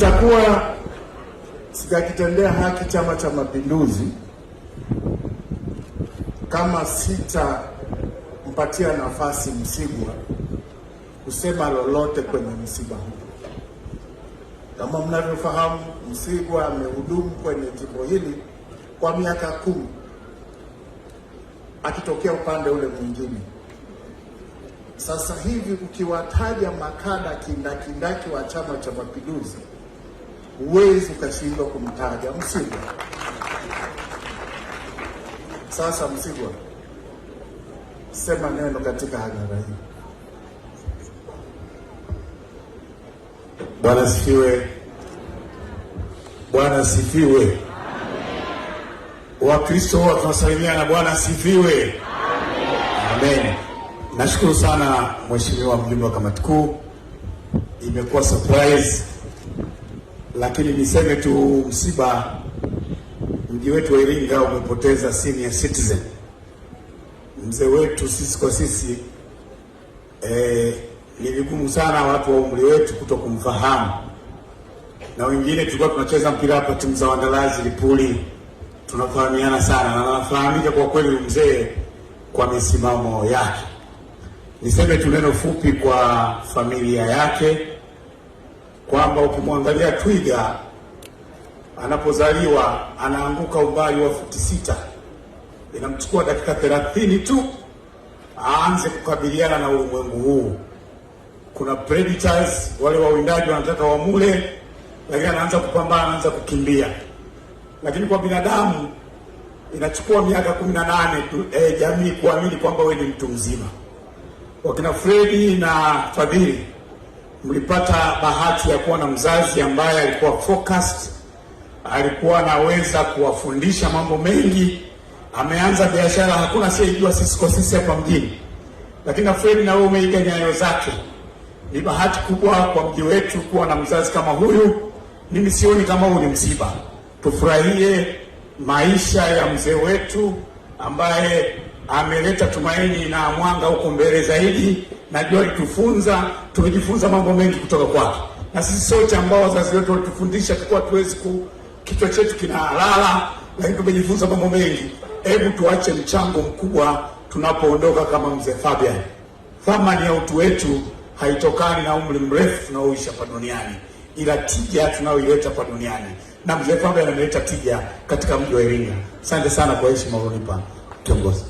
Takuwa sitakitendea haki Chama cha Mapinduzi kama sitampatia nafasi Msigwa kusema lolote kwenye msiba huu. Kama mnavyofahamu, Msigwa amehudumu kwenye jimbo hili kwa miaka kumi akitokea upande ule mwingine. Sasa hivi ukiwataja makada kindakindaki wa Chama cha Mapinduzi huwezi ukashindwa kumtaja Msigwa. Sasa Msigwa, sema neno katika hadhara hii. Bwana sifiwe! Bwana sifiwe! Wakristo huwa na Bwana sifiwe. Amen. Nashukuru sana Mheshimiwa mjumbe wa kamati kuu, imekuwa surprise lakini niseme tu msiba, mji wetu wa Iringa umepoteza senior citizen, mzee wetu sisi kwa sisi. Eh, ni vigumu sana watu wa umri wetu kuto kumfahamu, na wengine tulikuwa tunacheza mpira hapa, timu za Wandalazi Lipuli, tunafahamiana sana na nafahamika kwa kweli mzee kwa misimamo yake. Niseme tu neno fupi kwa familia yake kwamba ukimwangalia twiga anapozaliwa anaanguka umbali wa futi sita, inamchukua dakika thelathini tu aanze kukabiliana na ulimwengu huu. Kuna predators wale wawindaji wanataka wamule, lakini anaanza kupambana, anaanza kukimbia. Lakini kwa binadamu inachukua miaka kumi na nane tu eh, jamii kuamini kwamba wewe ni mtu mzima. Wakina Fredi na Fadhili mlipata bahati ya kuwa na mzazi ambaye alikuwa focused, alikuwa anaweza kuwafundisha mambo mengi. Ameanza biashara, hakuna asiyejua sisi kwa sisi hapa mjini, lakini nafurahi na wewe umeiga nyayo zake. Ni bahati kubwa kwa mji wetu kuwa na mzazi kama huyu. Mimi sioni kama huu ni msiba, tufurahie maisha ya mzee wetu ambaye ameleta tumaini na mwanga huko mbele zaidi najua alitufunza, tumejifunza mambo mengi kutoka kwake, na sisi sote ambao wazazi wetu walitufundisha tukuwa tuwezi ku kichwa chetu kinalala, lakini tumejifunza mambo mengi. Hebu tuache mchango mkubwa tunapoondoka kama mzee Fabian. Thamani ya utu wetu haitokani na umri mrefu tunaoishi hapa duniani, ila tija tunayoileta hapa duniani, na mzee Fabian ameleta tija katika mji wa Iringa. Asante sana kwa heshima ulionipa kiongozi.